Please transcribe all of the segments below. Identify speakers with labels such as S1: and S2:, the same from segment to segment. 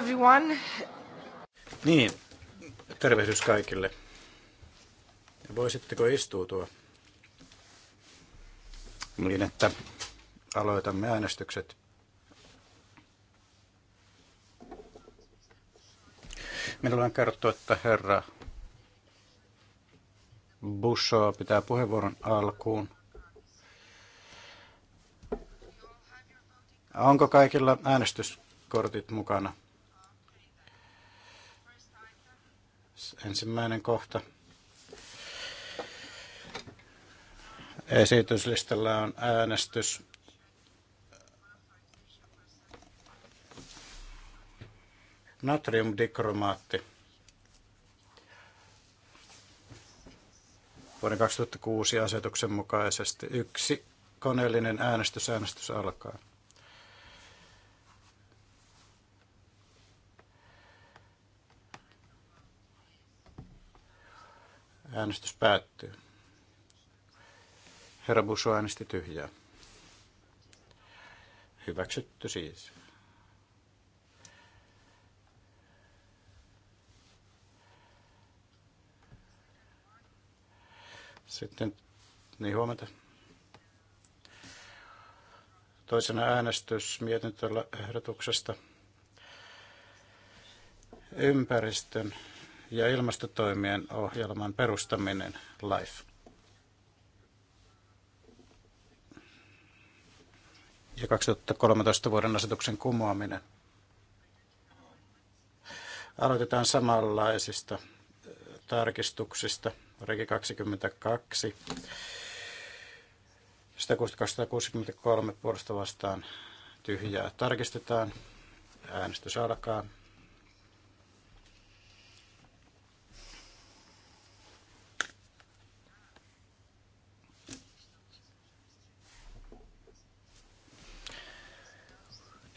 S1: everyone.
S2: Niin, tervehdys kaikille. Voisitteko istuutua niin, että aloitamme äänestykset? Minulla on kerrottu, että herra Busso pitää puheenvuoron alkuun. Onko kaikilla äänestyskortit mukana? Ensimmäinen kohta. Esityslistalla on äänestys natriumdikromaatti. Vuoden 2006 asetuksen mukaisesti yksi koneellinen äänestys. Äänestys alkaa. Äänestys päättyy. Herra Busso äänesti tyhjää. Hyväksytty siis. Sitten, niin huomenta. Toisena äänestys mietintöllä ehdotuksesta ympäristön ja ilmastotoimien ohjelman perustaminen LIFE. Ja 2013 vuoden asetuksen kumoaminen. Aloitetaan samanlaisista äh, tarkistuksista. Regi 22. 163 puolesta vastaan tyhjää tarkistetaan. Äänestys alkaa.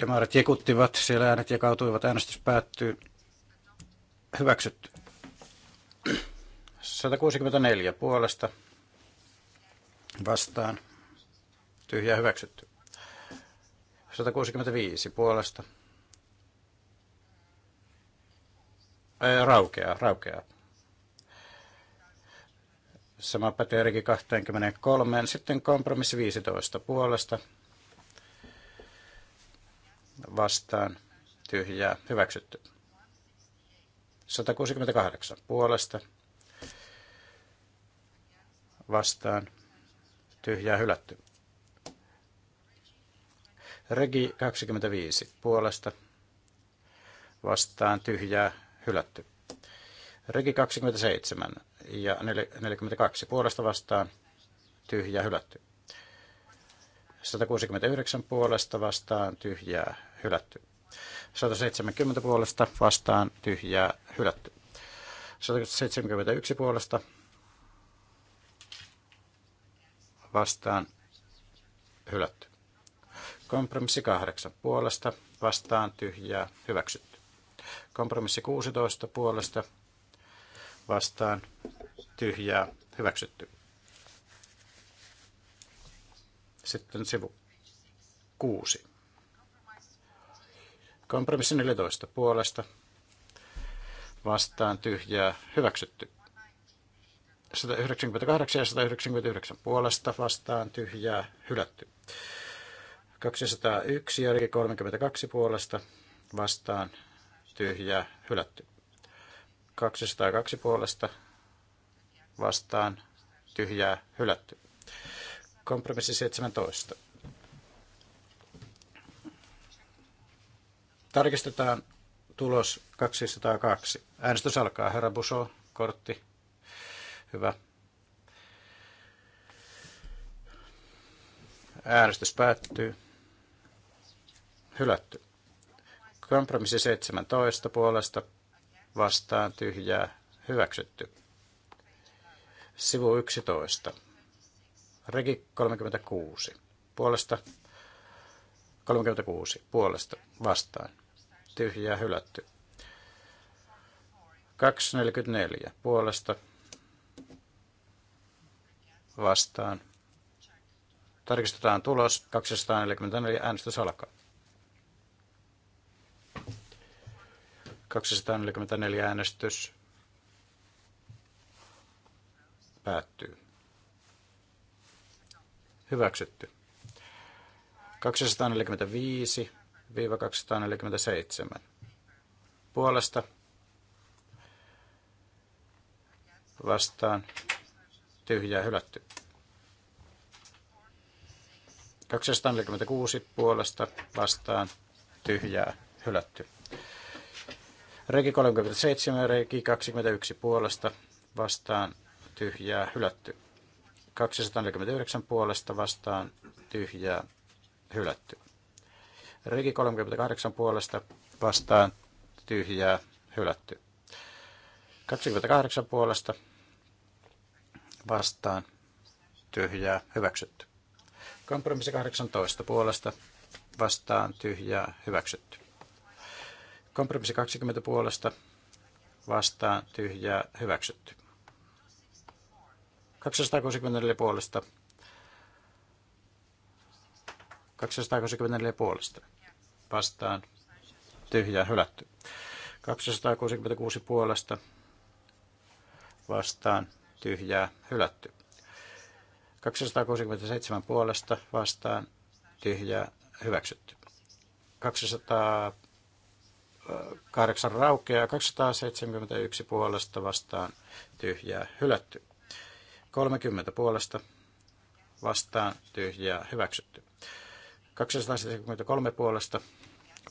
S2: Demarit jekuttivat, siellä äänet jakautuivat, äänestys päättyy. Hyväksytty. 164 puolesta vastaan. Tyhjä hyväksytty. 165 puolesta. Ää, raukeaa, raukeaa. Sama pätee 23. Sitten kompromissi 15 puolesta vastaan tyhjää hyväksytty. 168 puolesta vastaan tyhjää hylätty. Regi 25 puolesta vastaan tyhjää hylätty. Regi 27 ja 42 puolesta vastaan tyhjää hylätty. 169 puolesta vastaan tyhjää hylätty. 170 puolesta vastaan tyhjää hylätty. 171 puolesta vastaan hylätty. Kompromissi 8 puolesta vastaan tyhjää hyväksytty. Kompromissi 16 puolesta vastaan tyhjää hyväksytty. Sitten sivu 6. Kompromissi 14 puolesta. Vastaan tyhjää hyväksytty. 198 ja 199 puolesta vastaan tyhjää hylätty. 201 ja 32 puolesta vastaan tyhjää hylätty. 202 puolesta vastaan tyhjää hylätty. Kompromissi 17. Tarkistetaan tulos 202. Äänestys alkaa. Herra Buso, kortti. Hyvä. Äänestys päättyy. Hylätty. Kompromissi 17 puolesta vastaan tyhjää hyväksytty. Sivu 11. Regi 36. Puolesta 36. Puolesta vastaan. Tyhjää hylätty. 244. Puolesta vastaan. Tarkistetaan tulos. 244 äänestys alkaa. 244 äänestys päättyy. Hyväksytty. 245-247. Puolesta vastaan tyhjää hylätty. 246 puolesta vastaan tyhjää hylätty. Reiki 37 ja reiki 21 puolesta vastaan tyhjää hylätty. 249 puolesta vastaan tyhjää hylätty. Regi 38 puolesta vastaan tyhjää hylätty. 28 puolesta vastaan tyhjää hyväksytty. Kompromissi 18 puolesta vastaan tyhjää hyväksytty. Kompromissi 20 puolesta vastaan tyhjää hyväksytty. 264 puolesta. 264 puolesta. Vastaan. Tyhjää hylätty. 266 puolesta. Vastaan. Tyhjää hylätty. 267 puolesta. Vastaan. Tyhjää hyväksytty. 208 raukeaa. 271 puolesta. Vastaan. Tyhjää hylätty. 30 puolesta vastaan tyhjää hyväksytty. 273 puolesta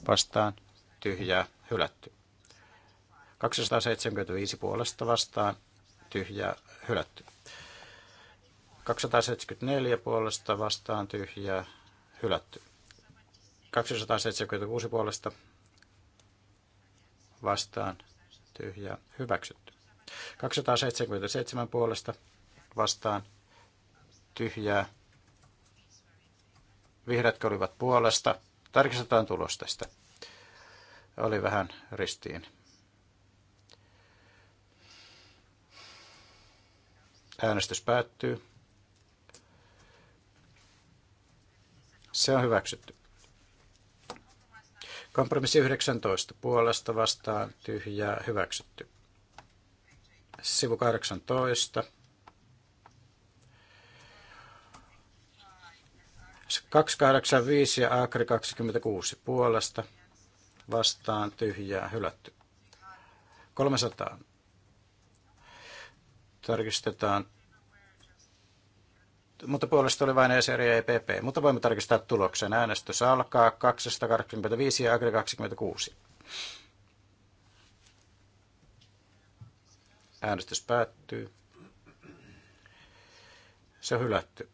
S2: vastaan tyhjää hylätty. 275 puolesta vastaan tyhjää hylätty. 274 puolesta vastaan tyhjää hylätty. 276 puolesta vastaan tyhjää hyväksytty. 277 puolesta vastaan tyhjää. Vihreätkö olivat puolesta. Tarkistetaan tulos tästä. Oli vähän ristiin. Äänestys päättyy. Se on hyväksytty. Kompromissi 19 puolesta vastaan tyhjää hyväksytty. Sivu 18. 285 ja Agri 26 puolesta vastaan tyhjää hylätty. 300. Tarkistetaan. Mutta puolesta oli vain ESR ja EPP. Mutta voimme tarkistaa tuloksen. Äänestys alkaa 285 ja Agri 26. Äänestys päättyy. Se on hylätty.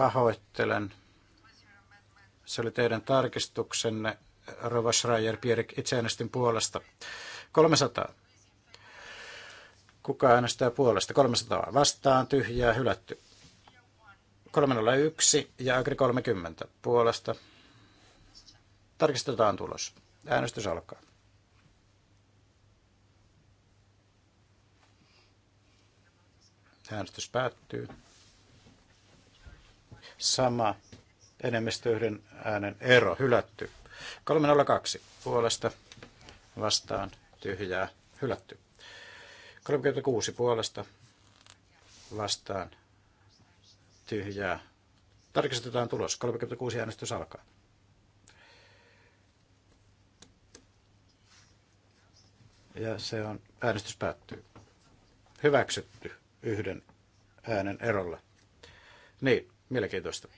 S2: Pahoittelen. Se oli teidän tarkistuksenne. Rova Schreier, Pierik, itse äänestin puolesta. 300. Kuka äänestää puolesta? 300. Vastaan, tyhjää, hylätty. 301 ja Agri 30 puolesta. Tarkistetaan tulos. Äänestys alkaa. Äänestys päättyy sama enemmistö yhden äänen ero, hylätty. 302 puolesta vastaan tyhjää, hylätty. 36 puolesta vastaan tyhjää. Tarkistetaan tulos. 36 äänestys alkaa. Ja se on, äänestys päättyy. Hyväksytty yhden äänen erolla. Niin, Mielenkiintoista.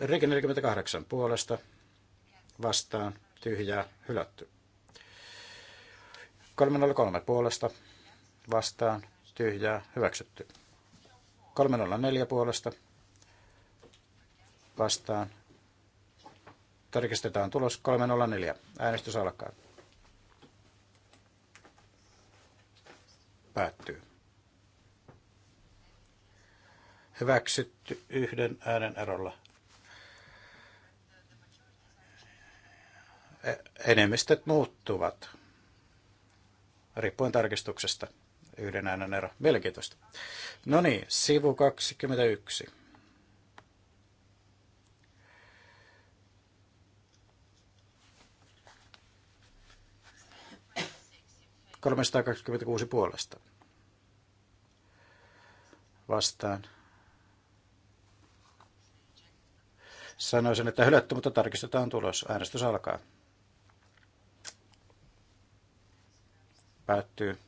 S2: Reikä 48 puolesta vastaan tyhjää hylätty. 303 puolesta vastaan tyhjää hyväksytty. 304 puolesta vastaan. Tarkistetaan tulos 304. Äänestys alkaa. Päättyy hyväksytty yhden äänen erolla. E, enemmistöt muuttuvat riippuen tarkistuksesta. Yhden äänen ero. Mielenkiintoista. No niin, sivu 21. kaksikymmentäkuusi puolesta. Vastaan Sanoisin, että hylätty, mutta tarkistetaan tulos. Äänestys alkaa. Päättyy.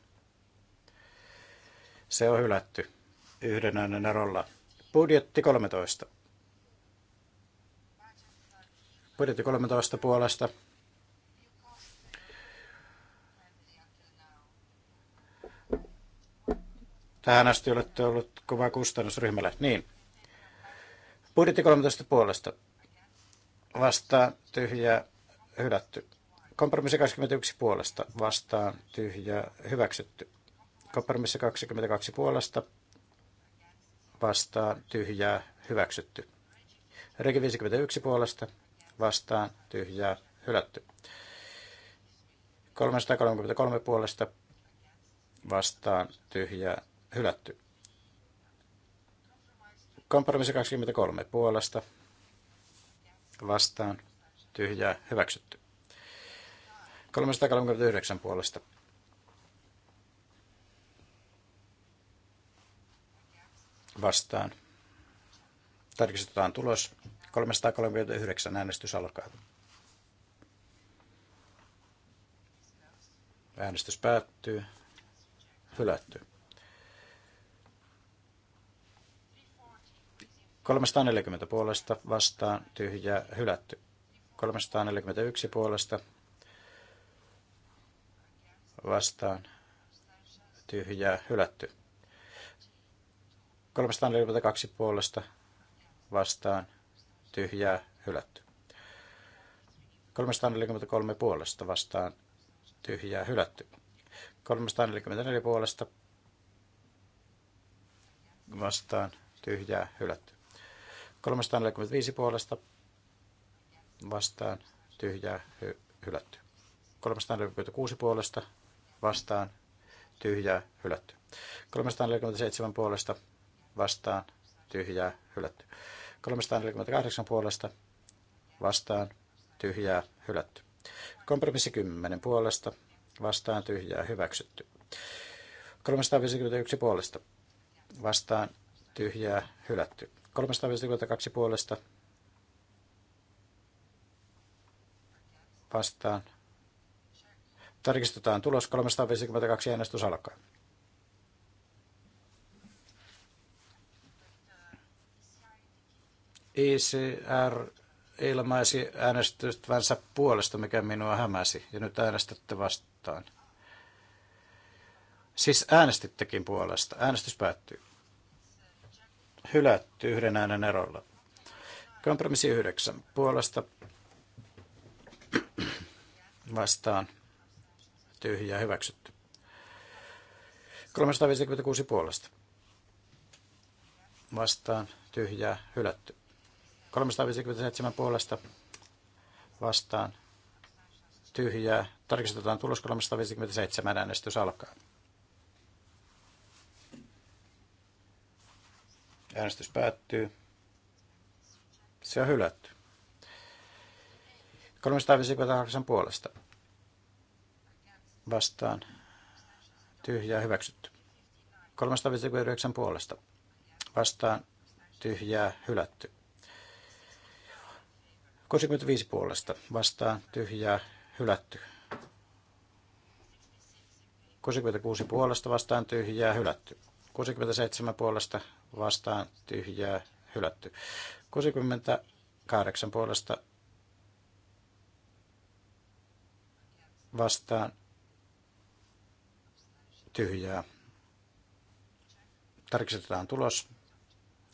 S2: Se on hylätty. Yhden äänen erolla. Budjetti 13. Budjetti 13 puolesta. Tähän asti olette ollut kova kustannusryhmälle. Niin. Budjetti 13 puolesta vastaan tyhjä hylätty. Kompromissi 21 puolesta vastaan tyhjä hyväksytty. Kompromissi 22 puolesta vastaan tyhjää hyväksytty. Regi 51 puolesta vastaan tyhjää hylätty. 333 puolesta vastaan tyhjää hylätty. Kompromissi 23 puolesta vastaan tyhjää hyväksytty. 339 puolesta vastaan. Tarkistetaan tulos. 339 äänestys alkaa. Äänestys päättyy. Hylätty. 340 puolesta vastaan tyhjä, hylätty. 341 puolesta vastaan tyhjä, hylätty. 342 puolesta vastaan tyhjä, hylätty. 343 puolesta vastaan tyhjä, hylätty. 344 puolesta vastaan tyhjä, hylätty. 345 puolesta vastaan tyhjää hy- hylätty. 346 puolesta vastaan tyhjää hylätty. 347 puolesta vastaan tyhjää hylätty. 348 puolesta vastaan tyhjää hylätty. Kompromissi 10 puolesta vastaan tyhjää hyväksytty. 351 puolesta vastaan tyhjää hylätty. 352 puolesta vastaan. Tarkistetaan tulos. 352 äänestys alkaa. ICR e ilmaisi äänestystävänsä puolesta, mikä minua hämäsi, ja nyt äänestätte vastaan. Siis äänestittekin puolesta. Äänestys päättyy hylätty yhden äänen erolla. Kompromissi 9 puolesta vastaan tyhjää hyväksytty. 356 puolesta vastaan tyhjää hylätty. 357 puolesta vastaan tyhjää. Tarkistetaan tulos 357 äänestys alkaa. Äänestys päättyy. Se on hylätty. 358 puolesta. Vastaan. Tyhjää hyväksytty. 359 puolesta. Vastaan. Tyhjää hylätty. 65 puolesta. Vastaan. Tyhjää hylätty. 66 puolesta vastaan tyhjää hylätty. 67 puolesta vastaan tyhjää hylätty. 68 puolesta vastaan tyhjää. Tarkistetaan tulos.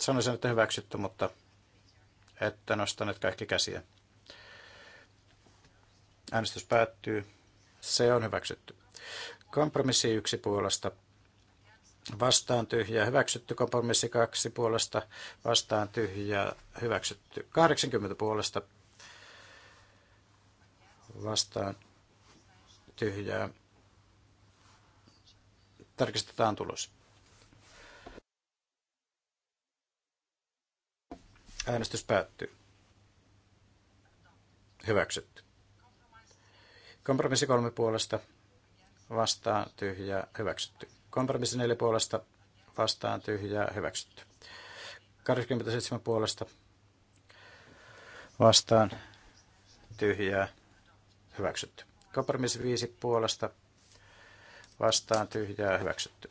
S2: Sanoisin, että hyväksytty, mutta että nostaneet kaikki käsiä. Äänestys päättyy. Se on hyväksytty. Kompromissi yksi puolesta vastaan tyhjää hyväksytty, kompromissi kaksi puolesta vastaan tyhjää hyväksytty, 80 puolesta vastaan tyhjää. Tarkistetaan tulos. Äänestys päättyy. Hyväksytty. Kompromissi kolme puolesta vastaan tyhjää hyväksytty. Kompromissi 4 puolesta vastaan tyhjää hyväksytty. 27 puolesta vastaan tyhjää hyväksytty. Kompromissi 5 puolesta vastaan tyhjää hyväksytty.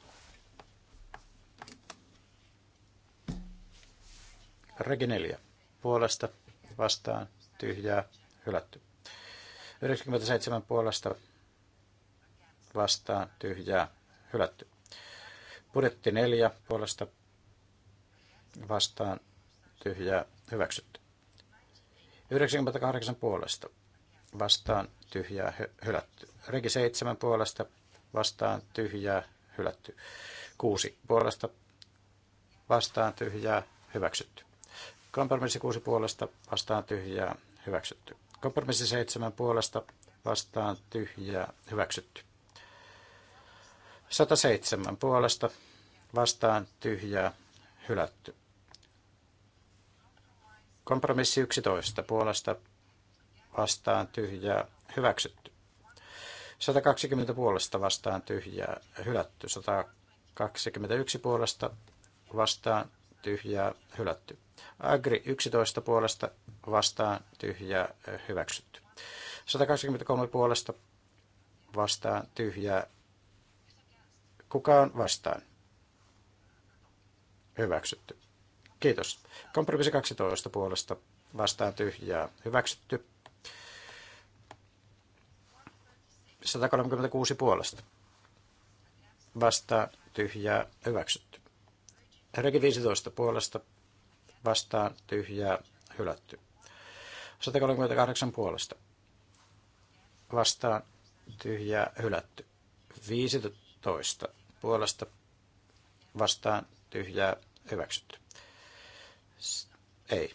S2: Regi 4 puolesta vastaan tyhjää hylätty. 97 puolesta vastaan tyhjää hylätty. Budjetti 4 puolesta vastaan tyhjää hyväksytty. 98 puolesta vastaan tyhjää hylätty. Regi 7 puolesta vastaan tyhjää hylätty. 6 puolesta vastaan tyhjää hyväksytty. Kompromissi 6 puolesta vastaan tyhjää hyväksytty. Kompromissi 7 puolesta vastaan tyhjää hyväksytty. 107 puolesta vastaan tyhjää hylätty. Kompromissi 11 puolesta vastaan tyhjää hyväksytty. 120 puolesta vastaan tyhjää hylätty. 121 puolesta vastaan tyhjää hylätty. Agri 11 puolesta vastaan tyhjää hyväksytty. 123 puolesta vastaan tyhjää Kukaan vastaan? Hyväksytty. Kiitos. Kompromissi 12 puolesta vastaan tyhjää. Hyväksytty. 136 puolesta. Vastaan tyhjää. Hyväksytty. Regi 15 puolesta. Vastaan tyhjää. Hylätty. 138 puolesta. Vastaan tyhjää. Hylätty. 15 puolesta vastaan tyhjää hyväksytty. Ei.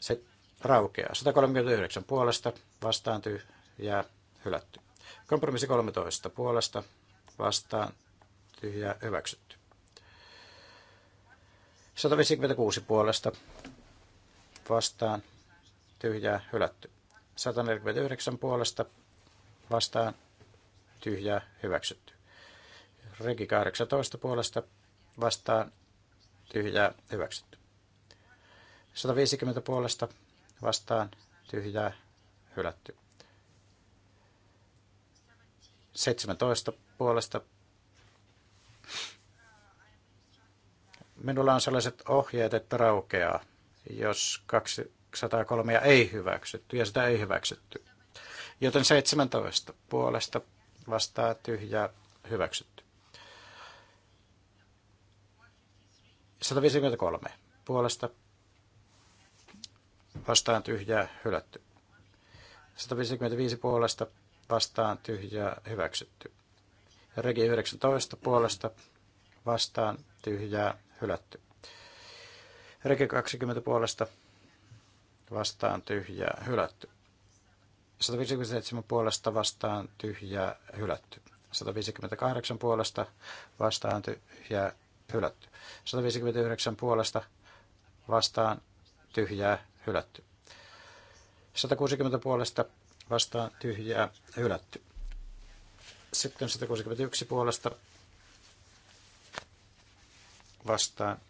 S2: Se raukeaa. 139 puolesta vastaan tyhjää hylätty. Kompromissi 13 puolesta vastaan tyhjää hyväksytty. 156 puolesta vastaan tyhjää hylätty. 149 puolesta vastaan tyhjää hyväksytty. Regi 18 puolesta vastaan tyhjää hyväksytty. 150 puolesta vastaan tyhjää hylätty. 17 puolesta. Minulla on sellaiset ohjeet, että raukeaa, jos 203 ei hyväksytty ja sitä ei hyväksytty. Joten 17 puolesta vastaa tyhjää hyväksytty. 153 puolesta vastaan tyhjää hylätty. 155 puolesta vastaan tyhjää hyväksytty. Regi 19 puolesta vastaan tyhjää hylätty. Regi 20 puolesta vastaan tyhjää hylätty. 157 puolesta vastaan tyhjää hylätty. 158 puolesta vastaan tyhjää hylätty. 159 puolesta vastaan tyhjää hylätty. 160 puolesta vastaan tyhjää hylätty. Sitten 161 puolesta vastaan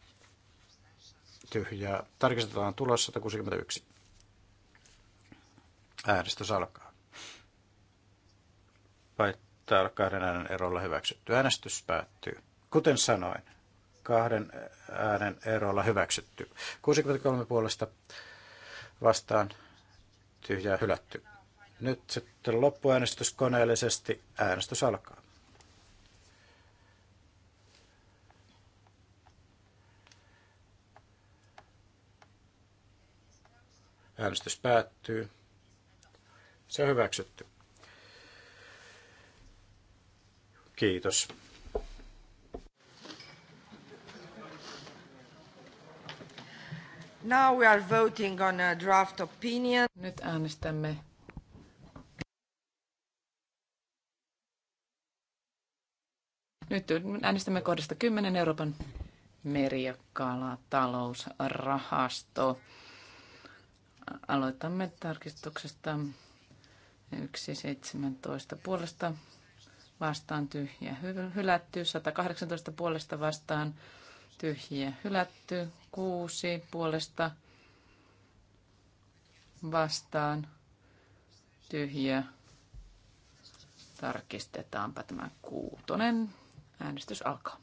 S2: tyhjää. Tarkistetaan tulos 161. Äänestys alkaa. Vai täällä kahden äänen erolla hyväksytty äänestys päättyy. Kuten sanoin, kahden äänen erolla hyväksytty. 63 puolesta vastaan tyhjää hylätty. Nyt sitten loppuäänestys koneellisesti. Äänestys alkaa. Äänestys päättyy. Se on hyväksytty. Kiitos.
S1: Now we are voting on a draft opinion. Nyt äänestämme
S3: Nyt äänestämme kohdasta 10 Euroopan meri- ja kalatalousrahasto. Aloitamme tarkistuksesta 1.17 puolesta vastaan tyhjä hylätty, 118 puolesta vastaan tyhjiä hylätty, kuusi puolesta vastaan tyhjiä. Tarkistetaanpa tämä kuutonen. Äänestys alkaa.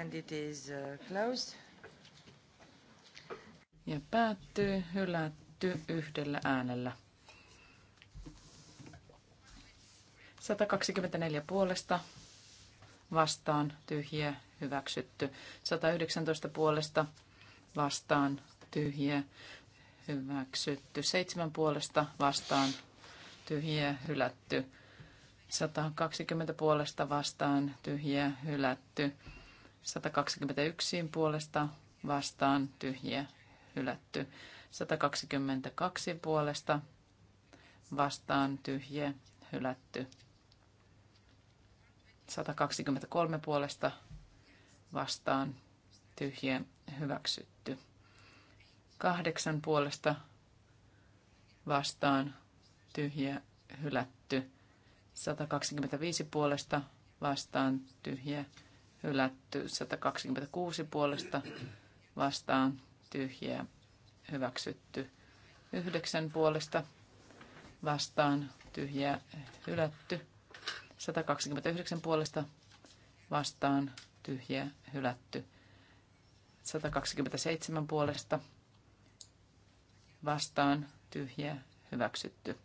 S1: And it is uh, closed.
S3: Ja päättyy hylätty yhdellä äänellä. 124 puolesta vastaan tyhjiä hyväksytty. 119 puolesta vastaan tyhjiä hyväksytty. 7 puolesta vastaan tyhjiä hylätty. 120 puolesta vastaan tyhjiä hylätty. 121 puolesta vastaan tyhjiä hylätty. 122 puolesta vastaan tyhjiä hylätty. 123 puolesta vastaan tyhjien hyväksytty. Kahdeksan puolesta vastaan tyhjä hylätty. 125 puolesta vastaan tyhjä hylätty. 126 puolesta vastaan tyhjä hyväksytty. Yhdeksän puolesta vastaan tyhjä hylätty. 129 puolesta vastaan tyhjä hylätty. 127 puolesta vastaan tyhjä hyväksytty.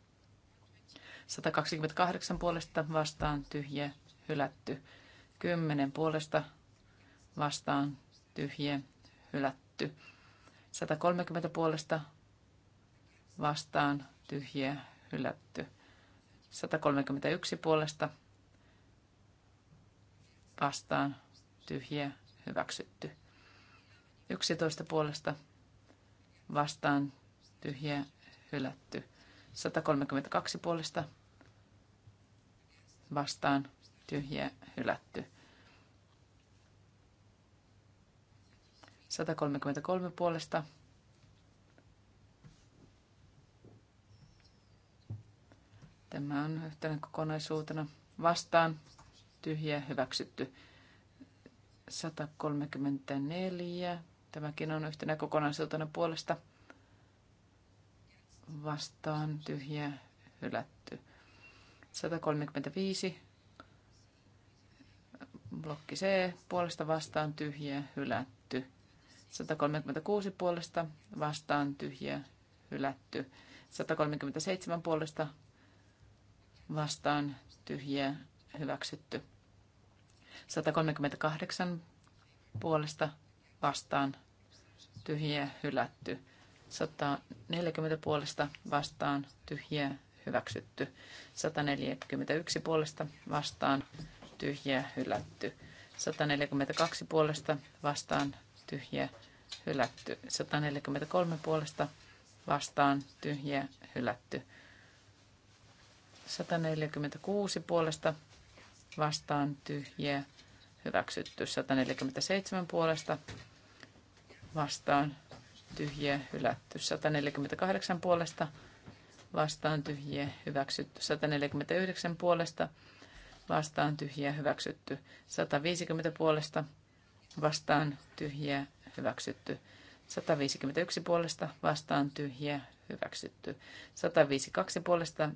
S3: 128 puolesta vastaan tyhjä hylätty. 10 puolesta vastaan tyhjä hylätty. 130 puolesta vastaan tyhjä hylätty. 131 puolesta vastaan tyhjiä hyväksytty. 11 puolesta vastaan tyhjiä hylätty. 132 puolesta vastaan tyhjiä hylätty. 133 puolesta Tämä on yhtenä kokonaisuutena vastaan. Tyhjä hyväksytty. 134. Tämäkin on yhtenä kokonaisuutena puolesta vastaan tyhjä hylätty. 135. Blokki C puolesta vastaan tyhjä hylätty. 136 puolesta vastaan tyhjä hylätty. 137 puolesta vastaan tyhjiä hyväksytty. 138 puolesta vastaan tyhjiä hylätty. 140 puolesta vastaan tyhjiä hyväksytty. 141 puolesta vastaan tyhjiä hylätty. 142 puolesta vastaan tyhjiä hylätty. 143 puolesta vastaan tyhjiä hylätty. 146 puolesta vastaan tyhjiä hyväksytty. 147 puolesta vastaan tyhjiä hylätty. 148 puolesta vastaan tyhjiä hyväksytty. 149 puolesta vastaan tyhjiä hyväksytty. 150 puolesta vastaan tyhjiä hyväksytty. 151 puolesta vastaan tyhjiä hyväksytty. 152 puolesta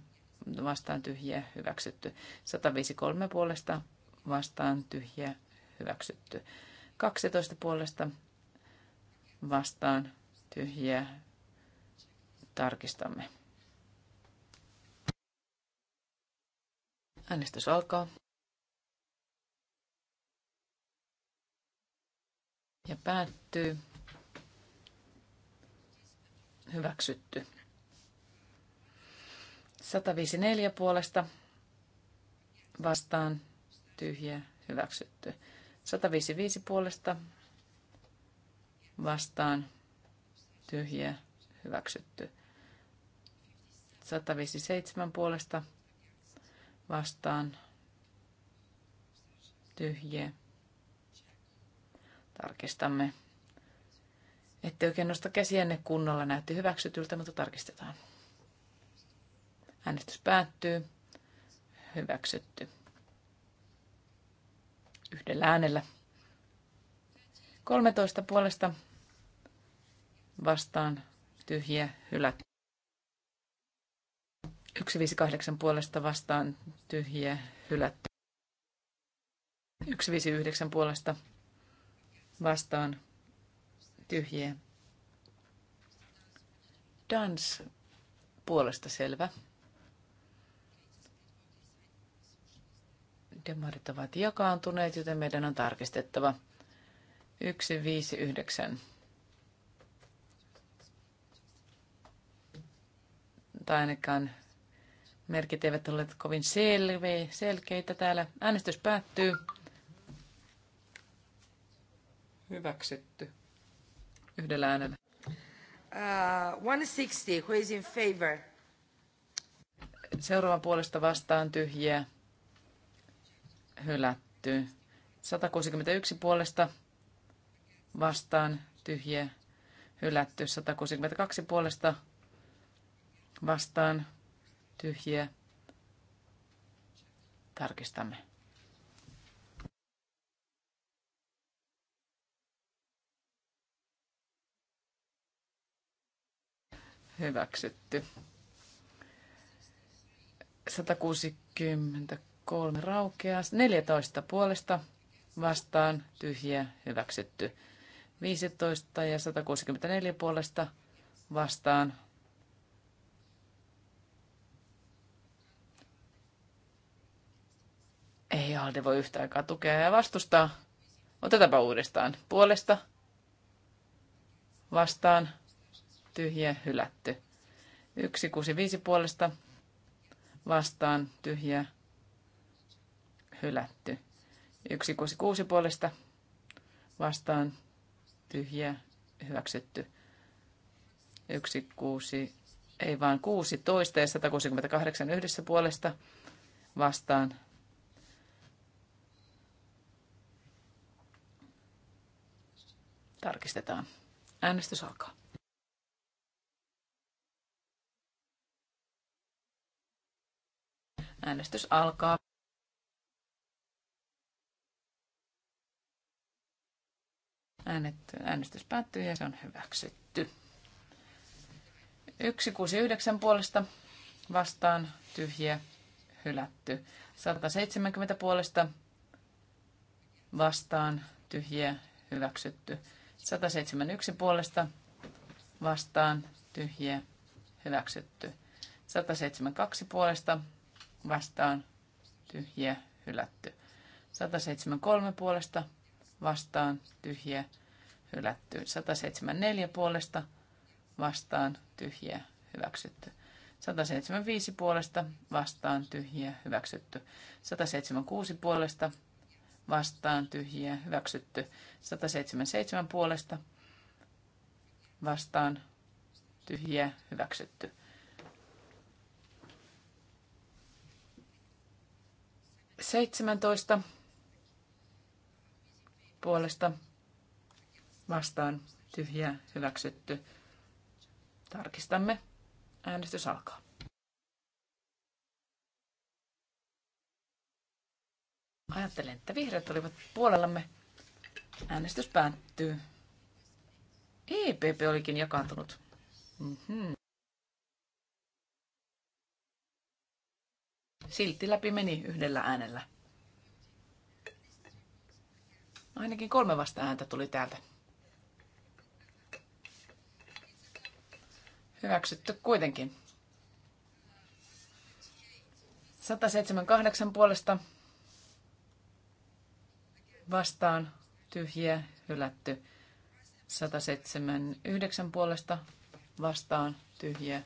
S3: vastaan tyhjiä hyväksytty. 153 puolesta vastaan tyhjiä hyväksytty. 12 puolesta vastaan tyhjiä tarkistamme. Äänestys alkaa. Ja päättyy. Hyväksytty. 154 puolesta vastaan tyhjä hyväksytty. 155 puolesta vastaan tyhjä hyväksytty. 157 puolesta vastaan tyhjä. Tarkistamme. Ette oikein nosta käsiänne kunnolla, näytti hyväksytyltä, mutta tarkistetaan. Äänestys päättyy. Hyväksytty. Yhdellä äänellä. 13 puolesta vastaan tyhjiä hylät. 158 puolesta vastaan tyhjiä hylätty. 159 puolesta vastaan tyhjiä. Dans puolesta selvä. Demarit ovat jakaantuneet, joten meidän on tarkistettava. 159. Tai ainakaan merkit eivät ole kovin selkeitä täällä. Äänestys päättyy.
S1: Hyväksytty. Yhdellä äänellä. Uh, 160, who is in favor?
S3: Seuraavan puolesta vastaan tyhjiä hylätty. 161 puolesta vastaan tyhjä hylätty. 162 puolesta vastaan tyhjä Tarkistamme. Hyväksytty. 160. Kolme raukeaa. 14 puolesta vastaan tyhjä hyväksytty. 15 ja 164 puolesta vastaan Ei Alde voi yhtä aikaa tukea ja vastustaa. Otetaanpa uudestaan. Puolesta. Vastaan. Tyhjä, hylätty. 165 puolesta. Vastaan. Tyhjä, hylätty. 166 puolesta vastaan tyhjä hyväksytty. 16, ei vaan 16 ja 168 yhdessä puolesta vastaan Tarkistetaan. Äänestys alkaa. Äänestys alkaa. äänestys päättyy ja se on hyväksytty. 169 puolesta vastaan tyhjä hylätty. 170 puolesta vastaan tyhjä hyväksytty. 171 puolesta vastaan tyhjä hyväksytty. 172 puolesta vastaan tyhjä hylätty. 173 puolesta vastaan tyhjiä hylätty. 174 puolesta vastaan tyhjiä hyväksytty. 175 puolesta vastaan tyhjiä hyväksytty. 176 puolesta vastaan tyhjiä hyväksytty. 177 puolesta vastaan tyhjiä hyväksytty. Seitsemäntoista puolesta vastaan tyhjä hyväksytty. Tarkistamme. Äänestys alkaa. Ajattelen, että vihreät olivat puolellamme. Äänestys päättyy. EPP olikin jakaantunut. Mm-hmm. Silti läpi meni yhdellä äänellä. Ainakin kolme vasta ääntä tuli täältä. Hyväksytty kuitenkin. 178 puolesta vastaan tyhjiä hylätty. 179 puolesta vastaan tyhjiä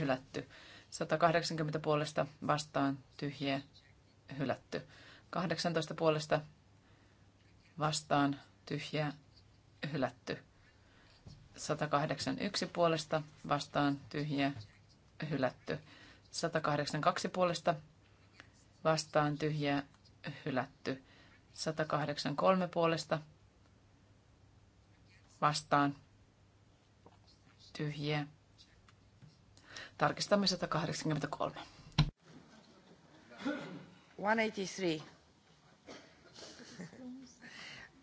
S3: hylätty. 180 puolesta vastaan tyhjiä hylätty. 18 puolesta vastaan tyhjä hylätty. 181 puolesta vastaan tyhjä hylätty. 182 puolesta vastaan tyhjä hylätty. 183 puolesta vastaan tyhjä. Tarkistamme 183.
S1: 183.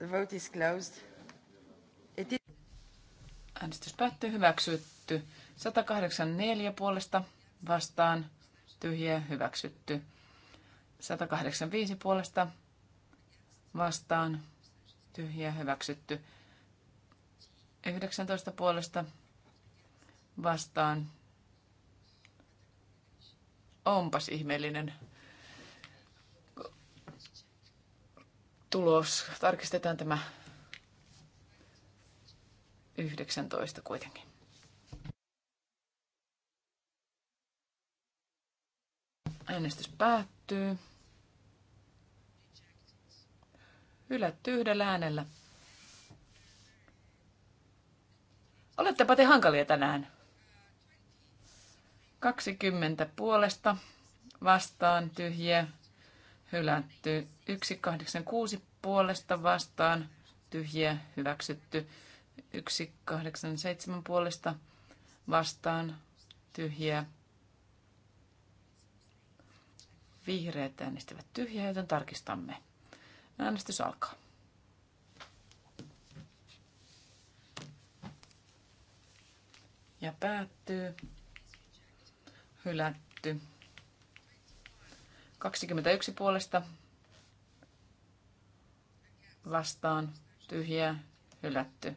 S1: The vote is closed. It is... Äänestys
S3: päättyy. Hyväksytty. 184 puolesta vastaan. Tyhjä. Hyväksytty. 185 puolesta vastaan. Tyhjä. Hyväksytty. 19 puolesta vastaan. Onpas ihmeellinen tulos. Tarkistetaan tämä 19 kuitenkin. Äänestys päättyy. Hylätty yhdellä äänellä. Olettepa te hankalia tänään. 20 puolesta vastaan tyhjä hylätty. 186 puolesta vastaan tyhjiä hyväksytty. 187 puolesta vastaan tyhjiä. Vihreät äänestivät tyhjää, joten tarkistamme. Äänestys alkaa. Ja päättyy. Hylätty. 21 puolesta vastaan tyhjä hylätty.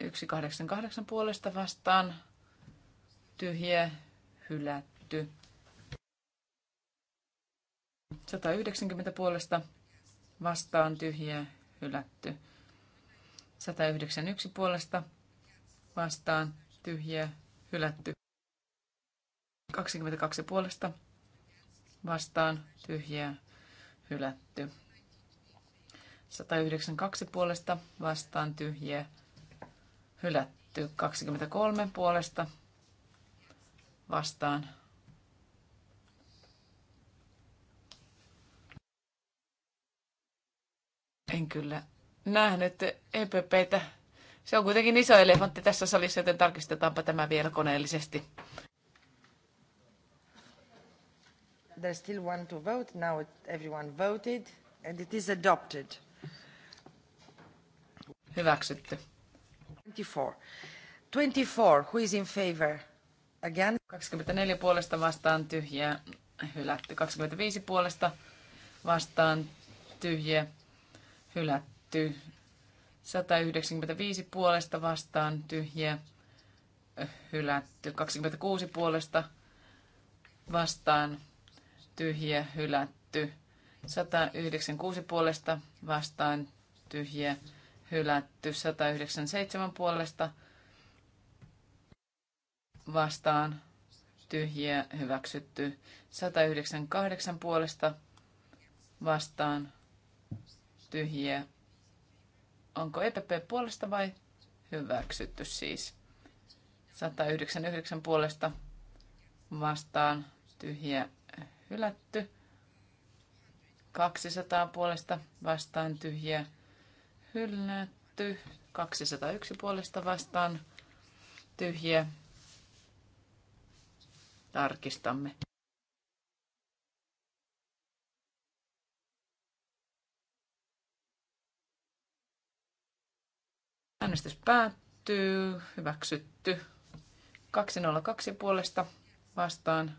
S3: 188 puolesta vastaan tyhjä hylätty. 190 puolesta vastaan tyhjä hylätty. 191 puolesta vastaan tyhjä hylätty. 22 puolesta vastaan tyhjää hylätty. 192 puolesta vastaan tyhjää hylätty. 23 puolesta vastaan En kyllä nähnyt EPPtä. Se on kuitenkin iso elefantti tässä salissa, joten tarkistetaanpa tämä vielä koneellisesti.
S1: there's still one to vote. Now it, everyone voted and it is adopted. Hyväksytty. 24. 24. Who is in favor? Again. 24 puolesta
S3: vastaan tyhjää. Hylätty. 25 puolesta vastaan tyhjä. Hylätty. 195 puolesta vastaan tyhjä. Hylätty. 26 puolesta vastaan tyhjä, hylätty. 196 puolesta vastaan tyhjä, hylätty. 197 puolesta vastaan tyhjä, hyväksytty. 198 puolesta vastaan tyhjä, Onko EPP puolesta vai hyväksytty siis? 199 puolesta vastaan tyhjä hylätty. 200 puolesta vastaan tyhjiä hylätty. 201 puolesta vastaan tyhjiä. Tarkistamme. Äänestys päättyy. Hyväksytty. 202 puolesta vastaan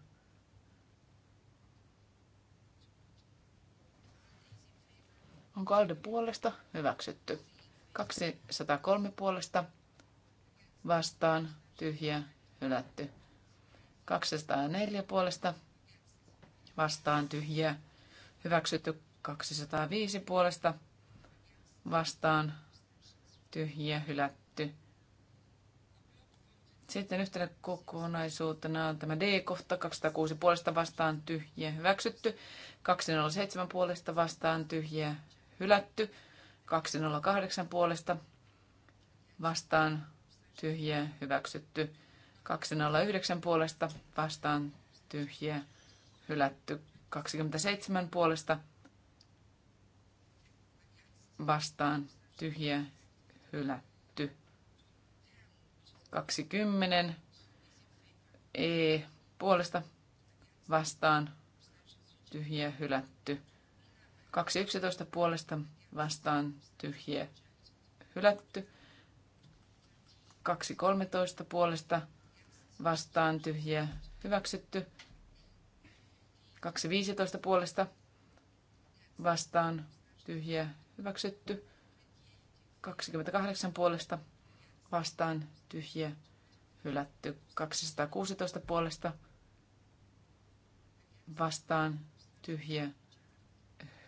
S3: on kalde puolesta? Hyväksytty. 203 puolesta vastaan tyhjä hylätty. 204 puolesta vastaan tyhjä hyväksytty. 205 puolesta vastaan tyhjä hylätty. Sitten yhtenä kokonaisuutena on tämä D-kohta, 206 puolesta vastaan tyhjä hyväksytty, 207 puolesta vastaan tyhjä hylätty. 208 puolesta vastaan tyhjiä hyväksytty. 209 puolesta vastaan tyhjiä hylätty. 27 puolesta vastaan tyhjiä hylätty. 20 E puolesta vastaan tyhjiä hylätty. 2.11 puolesta vastaan tyhjiä hylätty. 2.13 puolesta vastaan tyhjiä hyväksytty. 2.15 puolesta vastaan tyhjiä hyväksytty. 28 puolesta vastaan tyhjiä hylätty. 216 puolesta vastaan tyhjiä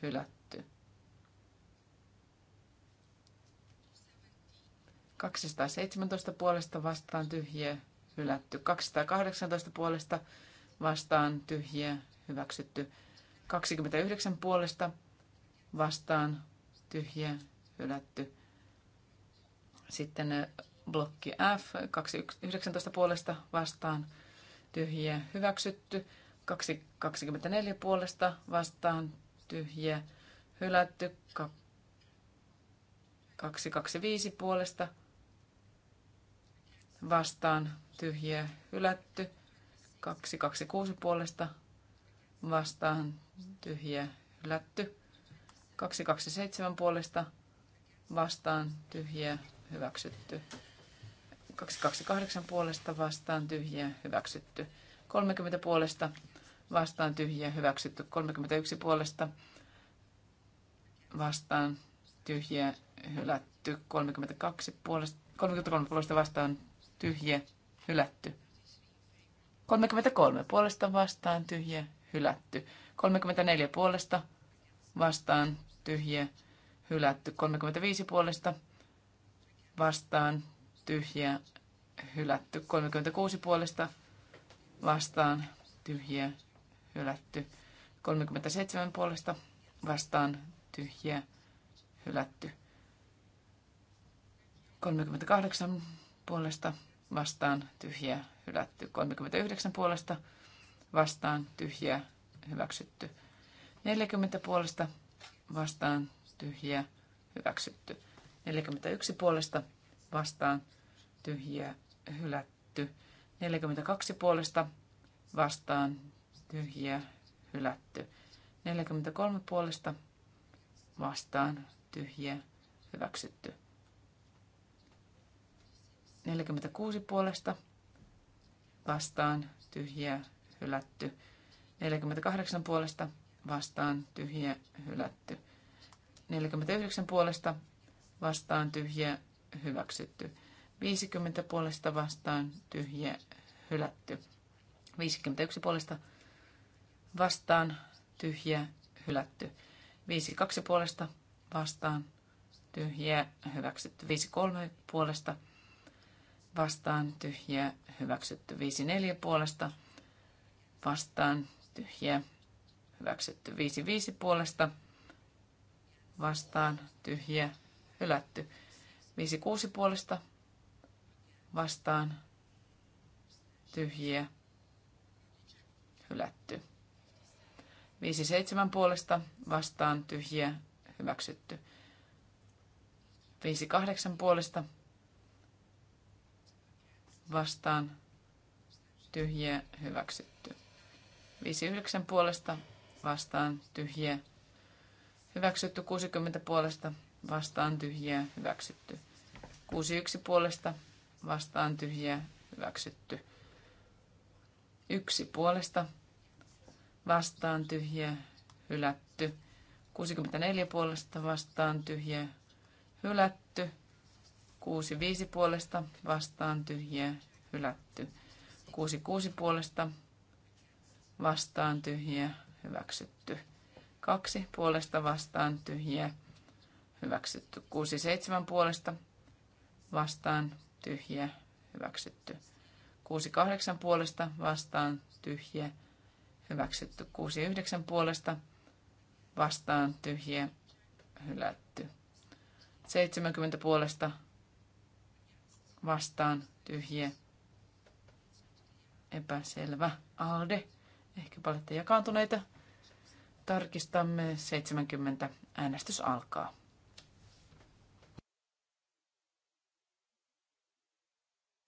S3: hylätty. 217 puolesta vastaan tyhjiä hylätty. 218 puolesta vastaan tyhjiä hyväksytty. 29 puolesta vastaan tyhjiä hylätty. Sitten äh, blokki F, 219 puolesta vastaan tyhjiä hyväksytty. 24 puolesta vastaan tyhjiä hylätty. 225 puolesta vastaan tyhjiä hylätty. 226 puolesta vastaan tyhjiä hylätty. 227 puolesta vastaan tyhjiä hyväksytty. 228 puolesta vastaan tyhjiä hyväksytty. 30 puolesta vastaan tyhjiä hyväksytty. 31 puolesta vastaan tyhjiä hylätty. 32 puolesta, 33 puolesta vastaan tyhjiä hylätty. 33 puolesta vastaan tyhjiä hylätty. 34 puolesta vastaan tyhjiä hylätty. 35 puolesta vastaan tyhjiä hylätty. 36 puolesta vastaan tyhjiä hylätty. 37 puolesta vastaan tyhjiä hylätty. 38 puolesta vastaan tyhjiä hylätty. 39 puolesta vastaan tyhjiä hyväksytty. 40 puolesta vastaan tyhjiä hyväksytty. 41 puolesta vastaan tyhjiä hylätty. 42 puolesta vastaan tyhjiä hylätty. 43 puolesta vastaan tyhjiä hyväksytty. 46 puolesta vastaan tyhjiä hylätty. 48 puolesta vastaan tyhjiä hylätty. 49 puolesta vastaan tyhjiä hyväksytty. 50 puolesta vastaan tyhjiä hylätty. 51 puolesta vastaan, vastaan tyhjä hylätty. 5-2 puolesta vastaan tyhjä hyväksytty. 5-3 puolesta vastaan tyhjä hyväksytty. 5-4 puolesta vastaan tyhjä hyväksytty. 5-5 puolesta vastaan tyhjä hylätty. 5-6 puolesta vastaan tyhjä hylätty. 5-7 puolesta vastaan tyhjiä hyväksytty. 5-8 puolesta vastaan tyhjiä hyväksytty. 5-9 puolesta vastaan tyhjiä hyväksytty. 60 puolesta vastaan tyhjiä hyväksytty. 61 puolesta vastaan tyhjiä hyväksytty. 1 puolesta vastaan tyhjä hylätty. 64 puolesta vastaan tyhjä hylätty. 65 puolesta vastaan tyhjä hylätty. 66 puolesta vastaan tyhjä hyväksytty. 2 puolesta vastaan tyhjä hyväksytty. 67 puolesta vastaan tyhjä hyväksytty. 68 puolesta vastaan tyhjä hyväksytty hyväksytty. 6 ja 9 puolesta vastaan tyhjiä hylätty. 70 puolesta vastaan tyhjiä epäselvä. Alde, ehkä olette jakaantuneita. Tarkistamme 70. Äänestys alkaa.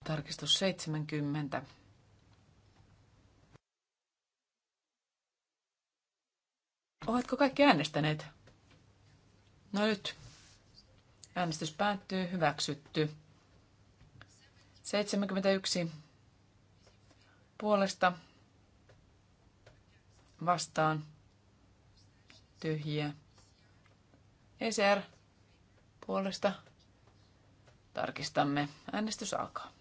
S3: Tarkistus 70. Ovatko kaikki äänestäneet? No nyt. Äänestys päättyy. Hyväksytty. 71 puolesta vastaan tyhjiä. ECR puolesta tarkistamme. Äänestys alkaa.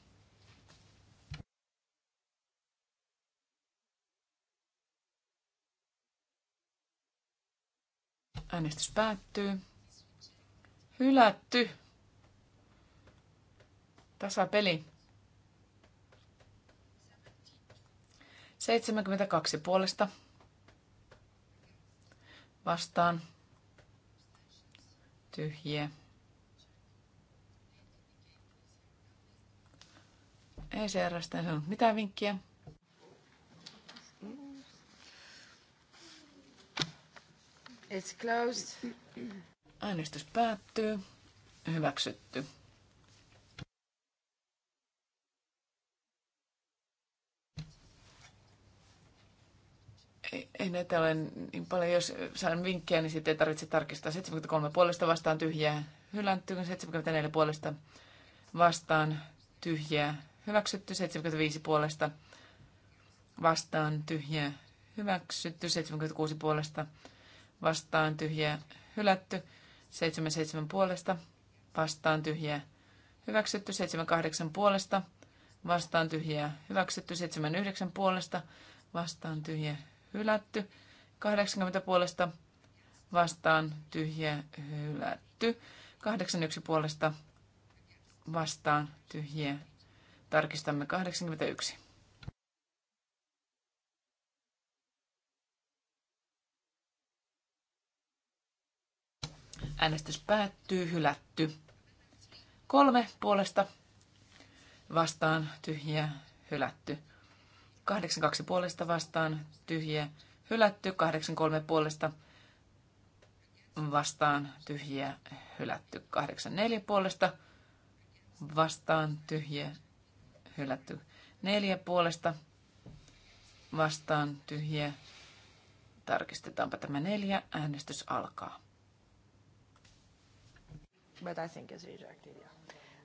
S3: Äänestys päättyy. Hylätty. peli. 72 puolesta. Vastaan. Tyhjiä. Ei en saanut mitään vinkkiä.
S1: It's closed. Äänestys päättyy.
S3: Hyväksytty. Ei, ei näitä ole niin paljon. Jos saan vinkkejä, niin sitten ei tarvitse tarkistaa. 73 puolesta vastaan tyhjää hylätty, 74 puolesta vastaan tyhjää hyväksytty, 75 puolesta vastaan tyhjää hyväksytty, 76 puolesta vastaan tyhjä hylätty, 77 puolesta vastaan tyhjä hyväksytty, 78 puolesta vastaan tyhjä hyväksytty, 79 puolesta vastaan tyhjä hylätty, 80 puolesta vastaan tyhjä hylätty, 81 puolesta vastaan tyhjä tarkistamme 81. Äänestys päättyy, hylätty. Kolme puolesta vastaan, tyhjiä, hylätty. 82 puolesta vastaan, tyhjiä, hylätty. 83 puolesta vastaan, tyhjiä, hylätty. 84 puolesta vastaan, tyhjiä, hylätty. 4 puolesta vastaan, tyhjiä. Tarkistetaanpa tämä neljä. Äänestys alkaa.
S1: But I think it's rejected, yeah.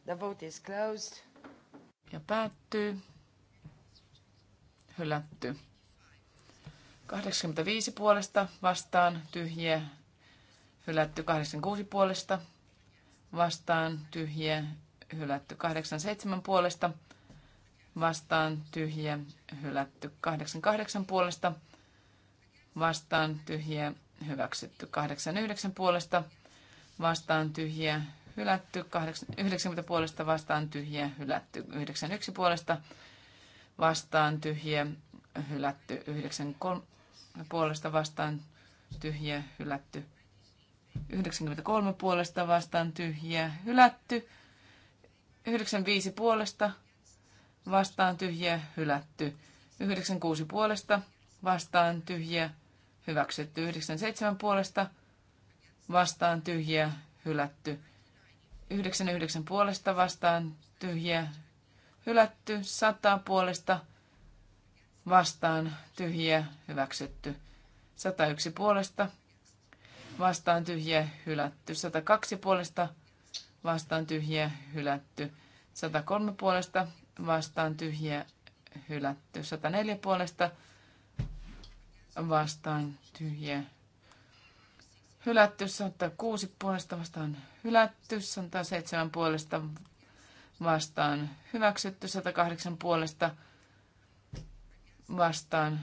S1: The vote is closed.
S3: Ja päättyy. Hylätty. 85 puolesta vastaan tyhjiä. Hylätty 86 puolesta vastaan tyhjiä. Hylätty 87 puolesta vastaan tyhjiä. Hylätty 88 puolesta vastaan tyhjiä. Hyväksytty 89 puolesta vastaan, vastaan tyhjiä hylätty, 90 puolesta vastaan tyhjiä hylätty, 91 puolesta vastaan tyhjiä hylätty, 93 puolesta vastaan tyhjiä hylätty, 93 puolesta vastaan tyhjiä hylätty, 95 puolesta vastaan tyhjiä hylätty, 96 puolesta vastaan tyhjiä hyväksytty, 97 puolesta vastaan tyhjiä hylätty. 99 puolesta vastaan tyhjiä hylätty. 100 puolesta vastaan tyhjiä hyväksytty. 101 puolesta vastaan tyhjiä hylätty. 102 puolesta vastaan tyhjiä hylätty. 103 puolesta vastaan tyhjiä hylätty. 104 puolesta vastaan tyhjiä hylätty, sanotaan kuusi puolesta vastaan hylätty, sanotaan seitsemän puolesta vastaan hyväksytty, 108 puolesta vastaan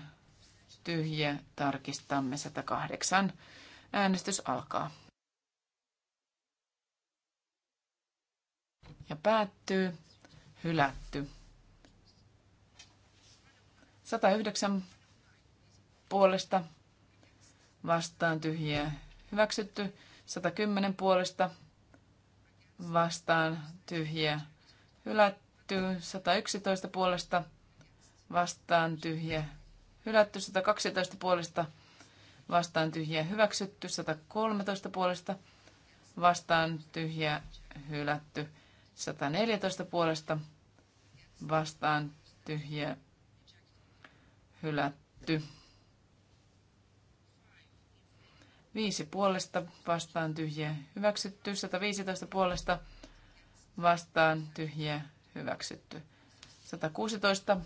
S3: tyhjä, tarkistamme 108. Äänestys alkaa. Ja päättyy, hylätty. 109 puolesta vastaan tyhjiä, hyväksytty. 110 puolesta vastaan tyhjiä hylätty. 111 puolesta vastaan tyhjiä hylätty. 112 puolesta vastaan tyhjiä hyväksytty. 113 puolesta vastaan tyhjiä hylätty. 114 puolesta vastaan tyhjiä hylätty. 5 puolesta vastaan tyhjiä hyväksytty. 115 puolesta vastaan tyhjiä hyväksytty. 116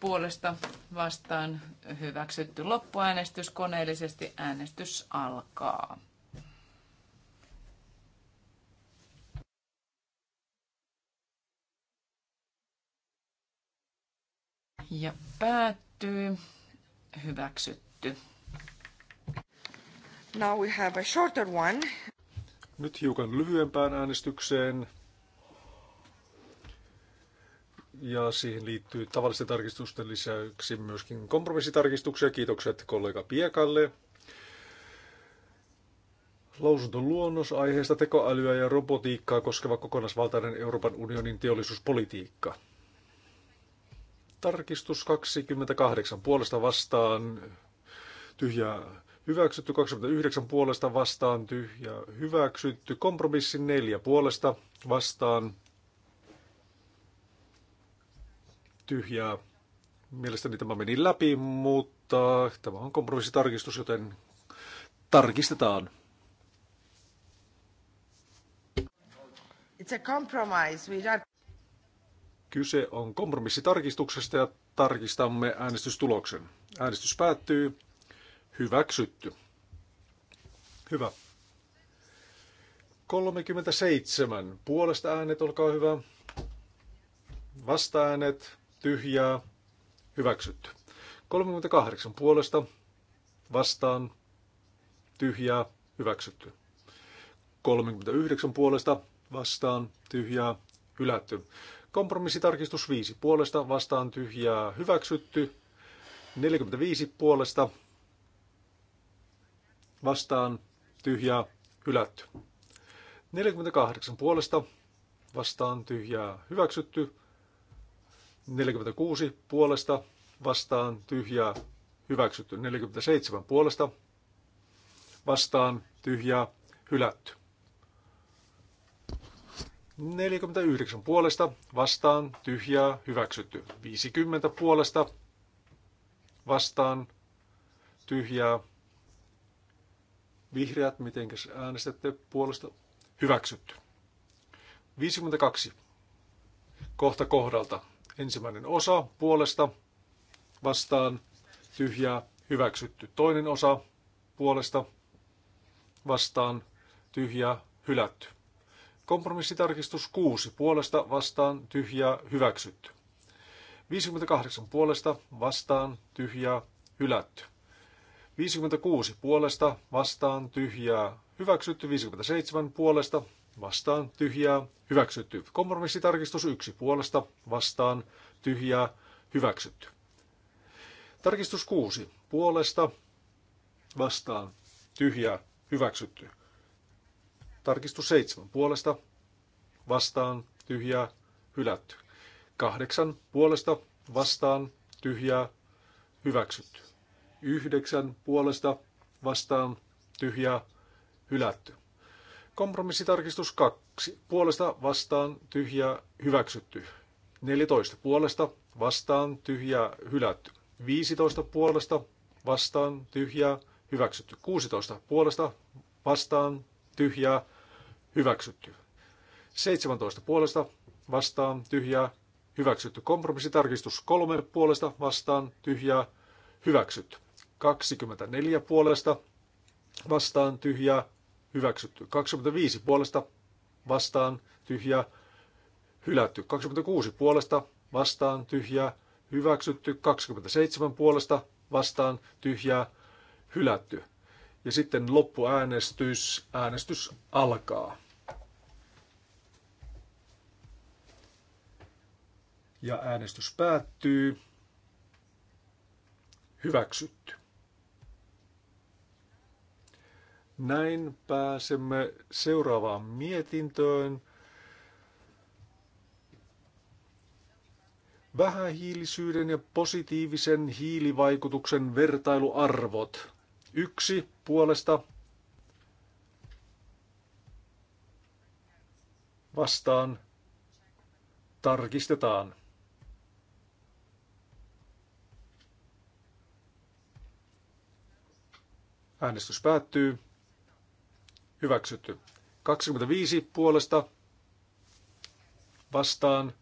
S3: puolesta vastaan hyväksytty loppuäänestys. Koneellisesti äänestys alkaa.
S1: Ja päättyy
S4: hyväksytty.
S1: Now we have a shorter one.
S4: Nyt hiukan lyhyempään äänestykseen. Ja siihen liittyy tavallisten tarkistusten lisäksi myöskin kompromissitarkistuksia. Kiitokset kollega Piekalle. Lausuntoluonnos aiheesta tekoälyä ja robotiikkaa koskeva kokonaisvaltainen Euroopan unionin teollisuuspolitiikka. Tarkistus 28 puolesta vastaan tyhjää Hyväksytty 29 puolesta vastaan tyhjä. Hyväksytty kompromissi 4 puolesta vastaan tyhjää. Mielestäni tämä meni läpi, mutta tämä on kompromissitarkistus, joten tarkistetaan.
S1: It's a compromise. We are...
S4: Kyse on kompromissitarkistuksesta ja tarkistamme äänestystuloksen. Äänestys päättyy Hyväksytty. Hyvä. 37. Puolesta äänet, olkaa hyvä. Vasta äänet, tyhjää, hyväksytty. 38. Puolesta, vastaan, tyhjää, hyväksytty. 39. Puolesta, vastaan, tyhjää, hylätty. Kompromissitarkistus 5. Puolesta, vastaan, tyhjää, hyväksytty. 45. Puolesta, vastaan tyhjää hylätty. 48 puolesta vastaan tyhjää hyväksytty. 46 puolesta vastaan tyhjää hyväksytty. 47 puolesta vastaan tyhjää hylätty. 49 puolesta vastaan tyhjää hyväksytty. 50 puolesta vastaan tyhjää Vihreät, mitenkäs äänestätte puolesta? Hyväksytty. 52. Kohta kohdalta. Ensimmäinen osa puolesta vastaan tyhjää hyväksytty. Toinen osa puolesta vastaan tyhjää hylätty. Kompromissitarkistus 6 puolesta vastaan tyhjää hyväksytty. 58 puolesta vastaan tyhjää hylätty. 56 puolesta vastaan tyhjää hyväksytty, 57 puolesta vastaan tyhjää hyväksytty. Kompromissitarkistus 1 puolesta vastaan tyhjää hyväksytty. Tarkistus 6 puolesta vastaan tyhjää hyväksytty. Tarkistus 7 puolesta vastaan tyhjää hylätty. 8 puolesta vastaan tyhjää hyväksytty yhdeksän puolesta vastaan tyhjää hylätty. Kompromissitarkistus 2. Puolesta vastaan tyhjää hyväksytty. 14. Puolesta vastaan tyhjää hylätty. 15. Puolesta vastaan tyhjää hyväksytty. 16. Puolesta vastaan tyhjää hyväksytty. 17. Puolesta vastaan tyhjää hyväksytty. Kompromissitarkistus 3. Puolesta vastaan tyhjää hyväksytty. 24 puolesta vastaan tyhjää hyväksytty. 25 puolesta vastaan tyhjää hylätty. 26 puolesta vastaan tyhjää hyväksytty. 27 puolesta vastaan tyhjää hylätty. Ja sitten loppuäänestys. Äänestys alkaa. Ja äänestys päättyy. Hyväksytty. Näin pääsemme seuraavaan mietintöön. Vähähiilisyyden ja positiivisen hiilivaikutuksen vertailuarvot. Yksi puolesta vastaan tarkistetaan. Äänestys päättyy hyväksytty. 25 puolesta vastaan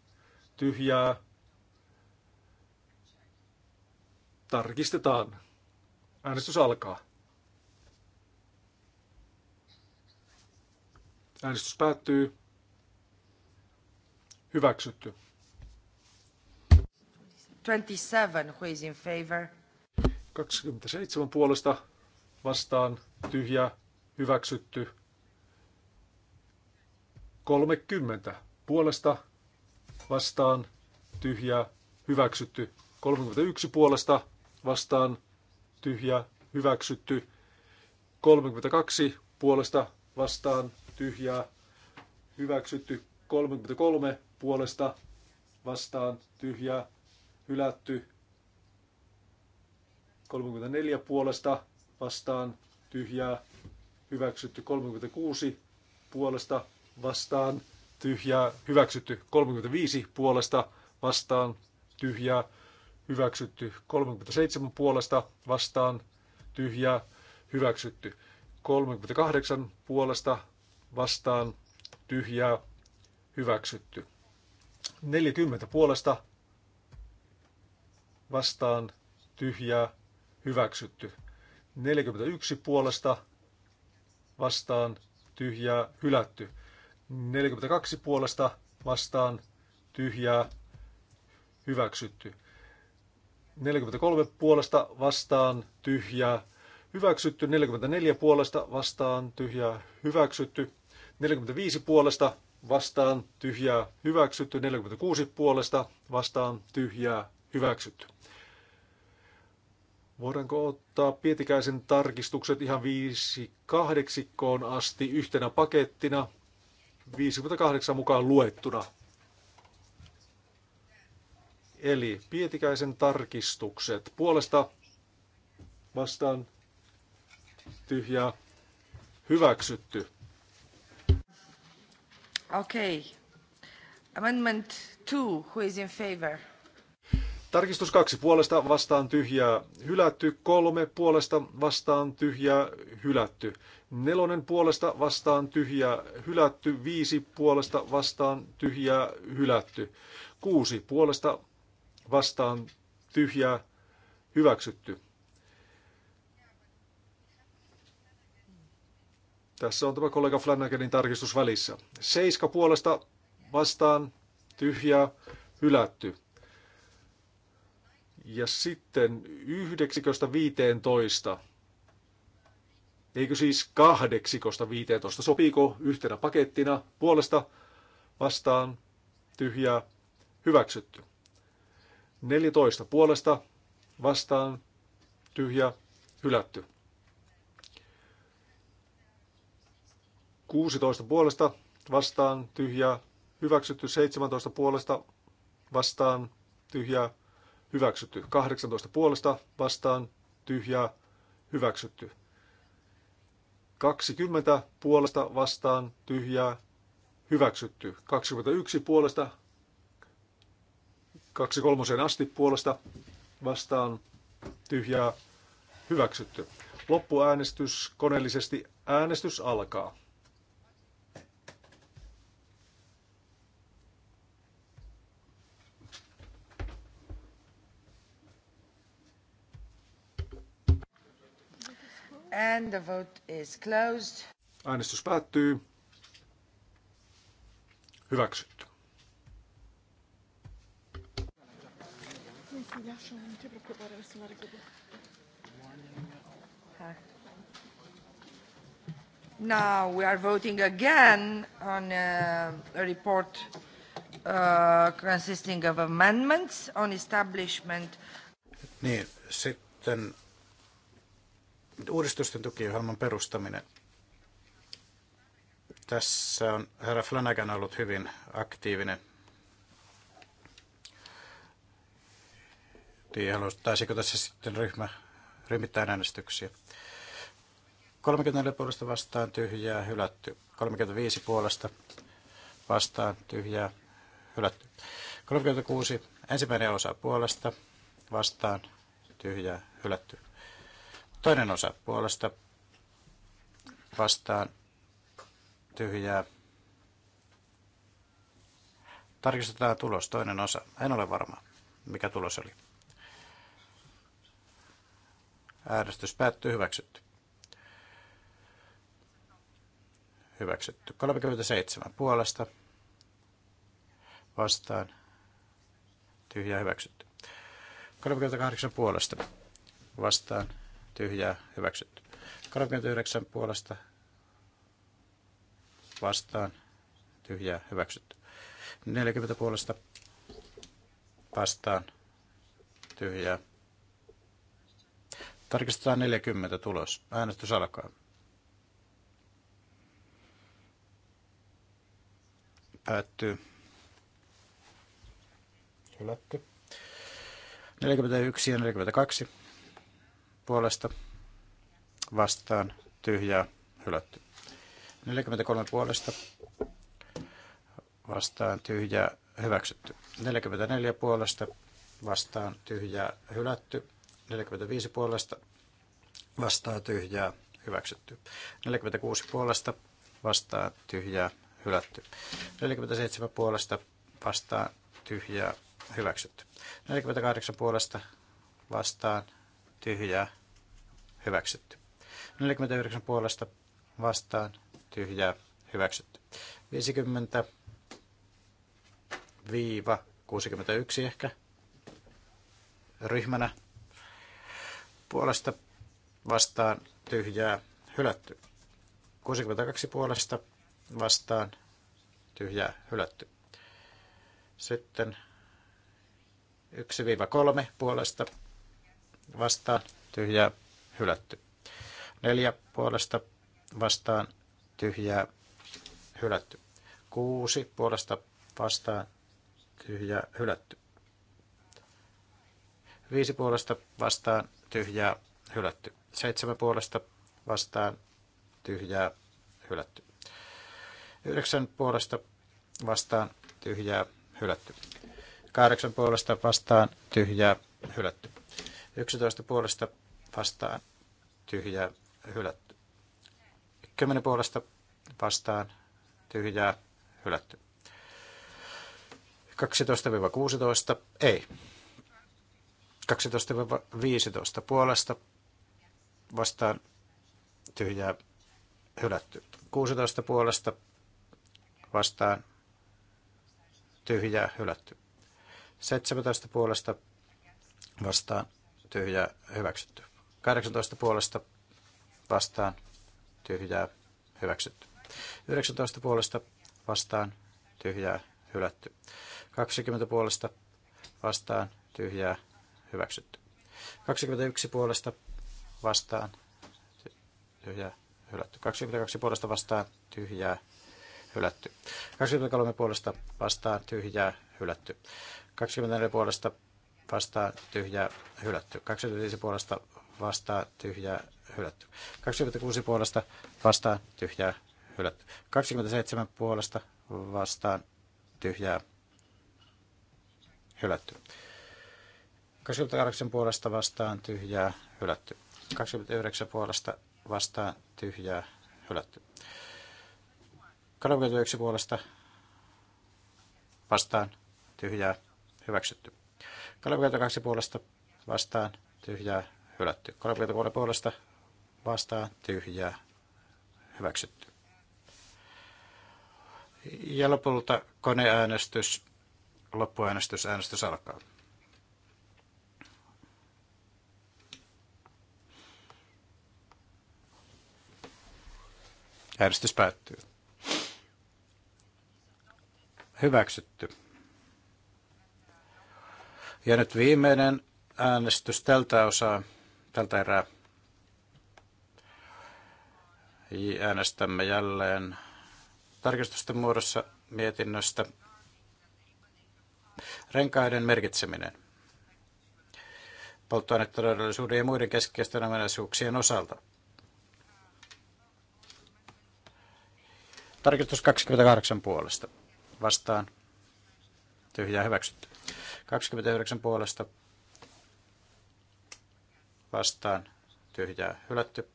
S4: tyhjää tarkistetaan. Äänestys alkaa. Äänestys päättyy. Hyväksytty.
S1: 27,
S4: 27 puolesta vastaan tyhjää hyväksytty. 30 puolesta vastaan tyhjä hyväksytty. 31 puolesta vastaan tyhjä hyväksytty. 32 puolesta vastaan tyhjää hyväksytty. 33 puolesta vastaan tyhjää hylätty. 34 puolesta vastaan tyhjää hyväksytty 36 puolesta vastaan, tyhjää hyväksytty 35 puolesta vastaan, tyhjää hyväksytty 37 puolesta vastaan, tyhjää hyväksytty 38 puolesta vastaan, tyhjää hyväksytty 40 puolesta vastaan, tyhjää hyväksytty 41 puolesta vastaan tyhjää hylätty. 42 puolesta vastaan tyhjää hyväksytty. 43 puolesta vastaan tyhjää hyväksytty. 44 puolesta vastaan tyhjää hyväksytty. 45 puolesta vastaan tyhjää hyväksytty. 46 puolesta vastaan tyhjää hyväksytty. Voidaanko ottaa Pietikäisen tarkistukset ihan viisi kahdeksikkoon asti yhtenä pakettina, 58 mukaan luettuna? Eli Pietikäisen tarkistukset. Puolesta vastaan tyhjä hyväksytty.
S1: Okei. Okay. Amendment 2, who is in favor?
S4: Tarkistus kaksi puolesta vastaan tyhjää hylätty, kolme puolesta vastaan tyhjää hylätty, nelonen puolesta vastaan tyhjää hylätty, viisi puolesta vastaan tyhjää hylätty, kuusi puolesta vastaan tyhjää hyväksytty. Tässä on tämä kollega Flanagenin tarkistus välissä. Seiska puolesta vastaan tyhjää hylätty. Ja sitten yhdeksiköstä 15. Eikö siis kahdeksikosta 15? Sopiiko yhtenä pakettina puolesta vastaan tyhjää hyväksytty? 14 puolesta vastaan tyhjä hylätty. 16 puolesta vastaan tyhjä hyväksytty. 17 puolesta vastaan tyhjä hyväksytty. 18 puolesta vastaan tyhjää hyväksytty. 20 puolesta vastaan tyhjää hyväksytty. 21 puolesta 23 asti puolesta vastaan tyhjää hyväksytty. Loppuäänestys koneellisesti äänestys alkaa.
S1: 10. The vote is closed.
S4: Äänestys päättyy. Hyväksytty.
S1: Now we are voting again on a, uh, a report uh, consisting of amendments on establishment.
S2: Niin, sitten uudistusten tukiohjelman perustaminen. Tässä on herra Flanagan ollut hyvin aktiivinen. taisiko tässä sitten ryhmä ryhmittäin äänestyksiä. 34 puolesta vastaan tyhjää, hylätty. 35 puolesta vastaan tyhjää, hylätty. 36 ensimmäinen osa puolesta vastaan tyhjää, hylätty. Toinen osa puolesta vastaan tyhjää. Tarkistetaan tulos, toinen osa. En ole varma, mikä tulos oli. Äänestys päättyy, hyväksytty. Hyväksytty. 37 puolesta vastaan tyhjää hyväksytty. 38 puolesta vastaan tyhjää hyväksytty. 39 puolesta vastaan tyhjää hyväksytty. 40 puolesta vastaan tyhjää. Tarkistetaan 40 tulos. Äänestys alkaa. Päättyy. Hylätty. 41 ja 42 puolesta vastaan tyhjää hylätty. 43 puolesta vastaan tyhjää hyväksytty. 44 puolesta vastaan tyhjää hylätty. 45 puolesta vastaan tyhjää hyväksytty. 46 puolesta vastaan tyhjää hylätty. 47 puolesta vastaan tyhjää hyväksytty. 48 puolesta vastaan tyhjää, hyväksytty. 49 puolesta vastaan, tyhjää, hyväksytty. 50 viiva 61 ehkä ryhmänä puolesta vastaan tyhjää hylätty. 62 puolesta vastaan tyhjää hylätty. Sitten 1-3 puolesta vastaan tyhjää hylätty. Neljä puolesta vastaan tyhjää hylätty. Kuusi puolesta vastaan tyhjää hylätty. Viisi puolesta vastaan tyhjää hylätty. Seitsemän puolesta vastaan tyhjää hylätty. Yhdeksän puolesta vastaan tyhjää hylätty. Kahdeksan puolesta vastaan tyhjää hylätty. 11 puolesta vastaan tyhjää hylätty. 10 puolesta vastaan tyhjää hylätty. 12-16 ei. 12-15 puolesta vastaan tyhjää hylätty. 16 puolesta vastaan tyhjää hylätty. 17 puolesta vastaan tyhjää hyväksytty. 18 puolesta vastaan tyhjää hyväksytty. 19 puolesta vastaan tyhjää hylätty. 20 puolesta vastaan tyhjää hyväksytty. 21 puolesta vastaan tyhjää hylätty. 22 puolesta vastaan tyhjää hylätty. 23 puolesta vastaan tyhjää hylätty. 24 puolesta vastaa tyhjää hylätty. 25 puolesta vastaa tyhjää hylätty. 26 puolesta vastaan tyhjää hylätty. 27 puolesta vastaan tyhjää hylätty. 28 puolesta vastaan tyhjää hylätty. 29 puolesta vastaan tyhjää hylätty. 31 puolesta vastaan tyhjää hyväksytty. 32 puolesta vastaan tyhjää hylätty. 33 puolesta vastaan tyhjää hyväksytty. Ja lopulta koneäänestys, loppuäänestys, äänestys alkaa. Äänestys päättyy. Hyväksytty. Ja nyt viimeinen äänestys tältä osaa, tältä erää. Äänestämme jälleen tarkistusten muodossa mietinnöstä renkaiden merkitseminen polttoainetodellisuuden ja muiden keskeisten ominaisuuksien osalta. Tarkistus 28 puolesta. Vastaan. Tyhjää hyväksytty. 29 puolesta vastaan tyhjää hylätty.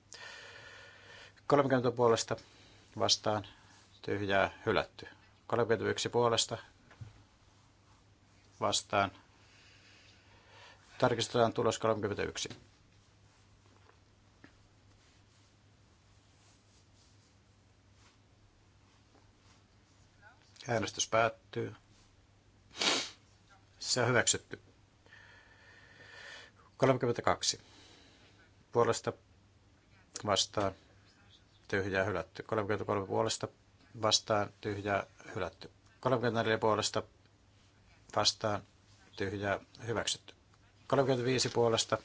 S2: 30 puolesta vastaan tyhjää hylätty. 31 puolesta vastaan. Tarkistetaan tulos 31. Äänestys päättyy. Se on hyväksytty. 32. Puolesta vastaan tyhjää hylätty. 33 puolesta vastaan tyhjää hylätty. 34 puolesta vastaan tyhjää hyväksytty. 35 puolesta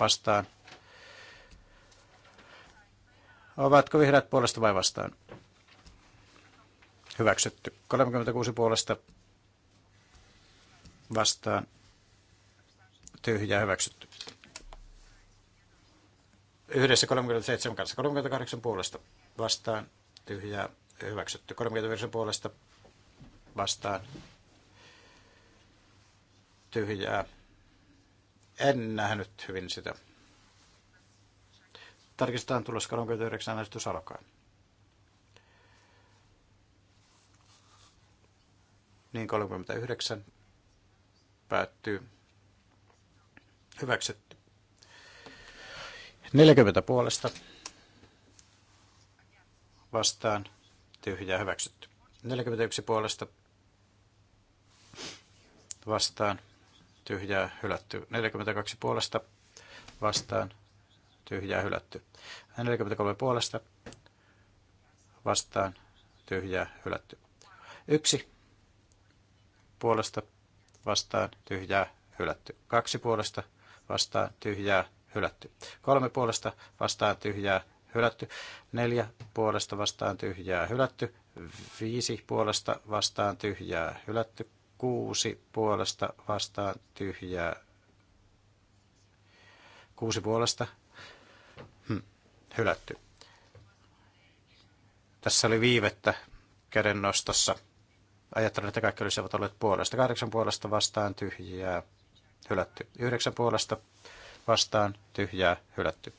S2: vastaan. Ovatko vihreät puolesta vai vastaan? Hyväksytty. 36 puolesta vastaan tyhjää hyväksytty. Yhdessä 37 kanssa 38 puolesta vastaan tyhjää hyväksytty. 39 puolesta vastaan tyhjää. En nähnyt hyvin sitä. Tarkistetaan tulos 39 äänestys alkaa. Niin 39 Päättyy. Hyväksytty. 40 puolesta. Vastaan. tyhjä hyväksytty. 41 puolesta. Vastaan. Tyhjää hylätty. 42 puolesta. Vastaan. Tyhjää hylätty. 43 puolesta. Vastaan. Tyhjää hylätty. Yksi puolesta vastaan tyhjää hylätty. Kaksi puolesta vastaan tyhjää hylätty. Kolme puolesta vastaan tyhjää hylätty. Neljä puolesta vastaan tyhjää hylätty. Viisi puolesta vastaan tyhjää hylätty. Kuusi puolesta vastaan tyhjää. Kuusi puolesta hm, hylätty. Tässä oli viivettä kädennostossa. Ajattelin, että kaikki olisivat olleet puolesta. Kahdeksan puolesta vastaan tyhjää hylätty. Yhdeksän puolesta vastaan tyhjää hylätty.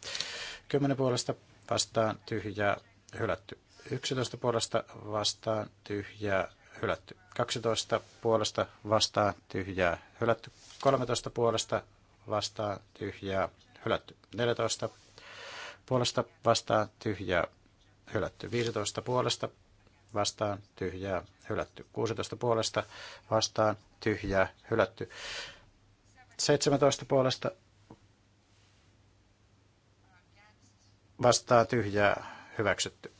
S2: Kymmenen puolesta vastaan tyhjää hylätty. Yksitoista puolesta vastaan tyhjää hylätty. Kaksitoista puolesta vastaan tyhjää hylätty. Kolmetoista puolesta vastaan tyhjää hylätty. Neljätoista puolesta vastaan tyhjää hylätty. Viisitoista puolesta vastaan, tyhjää, hylätty. 16 puolesta vastaan, tyhjää, hylätty. 17 puolesta vastaan, tyhjää, hyväksytty.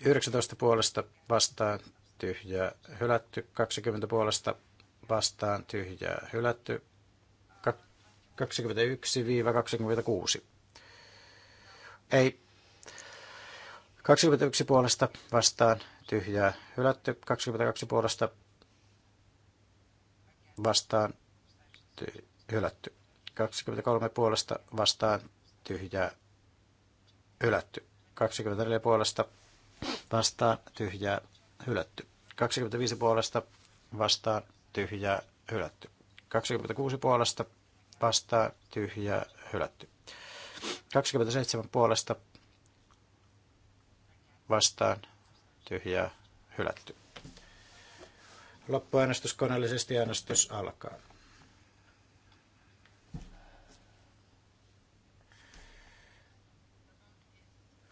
S2: 19 puolesta vastaan, tyhjää, hylätty. 20 puolesta vastaan, tyhjää, hylätty. 21-26. Ei, 21 puolesta vastaan tyhjää hylätty. 22 puolesta vastaan ty- hylätty. 23 puolesta vastaan tyhjää hylätty. 24 puolesta vastaan tyhjää hylätty. 25 puolesta vastaan tyhjää hylätty. 26 puolesta vastaan tyhjää hylätty. 27 puolesta vastaan tyhjää hylätty. Loppuäänestys koneellisesti äänestys alkaa.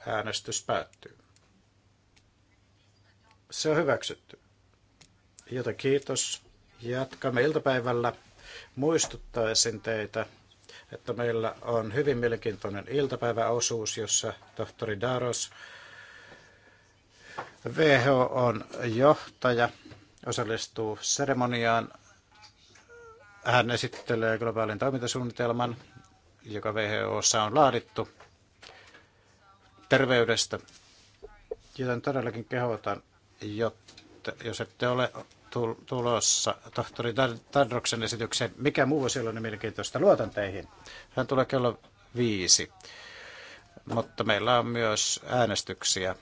S2: Äänestys päättyy. Se on hyväksytty. Joten kiitos. Jatkamme iltapäivällä. Muistuttaisin teitä, että meillä on hyvin mielenkiintoinen iltapäiväosuus, jossa tohtori Daros WHO on johtaja, osallistuu seremoniaan. Hän esittelee globaalin toimintasuunnitelman, joka WHOssa on laadittu terveydestä. Joten todellakin kehotan, jotta, jos ette ole tulossa tohtori Tadroksen esitykseen, mikä muu voisi olla niin mielenkiintoista, luotan teihin. Hän tulee kello viisi. Mutta meillä on myös äänestyksiä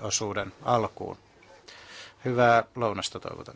S2: osuuden alkuun. Hyvää lounasta toivotan.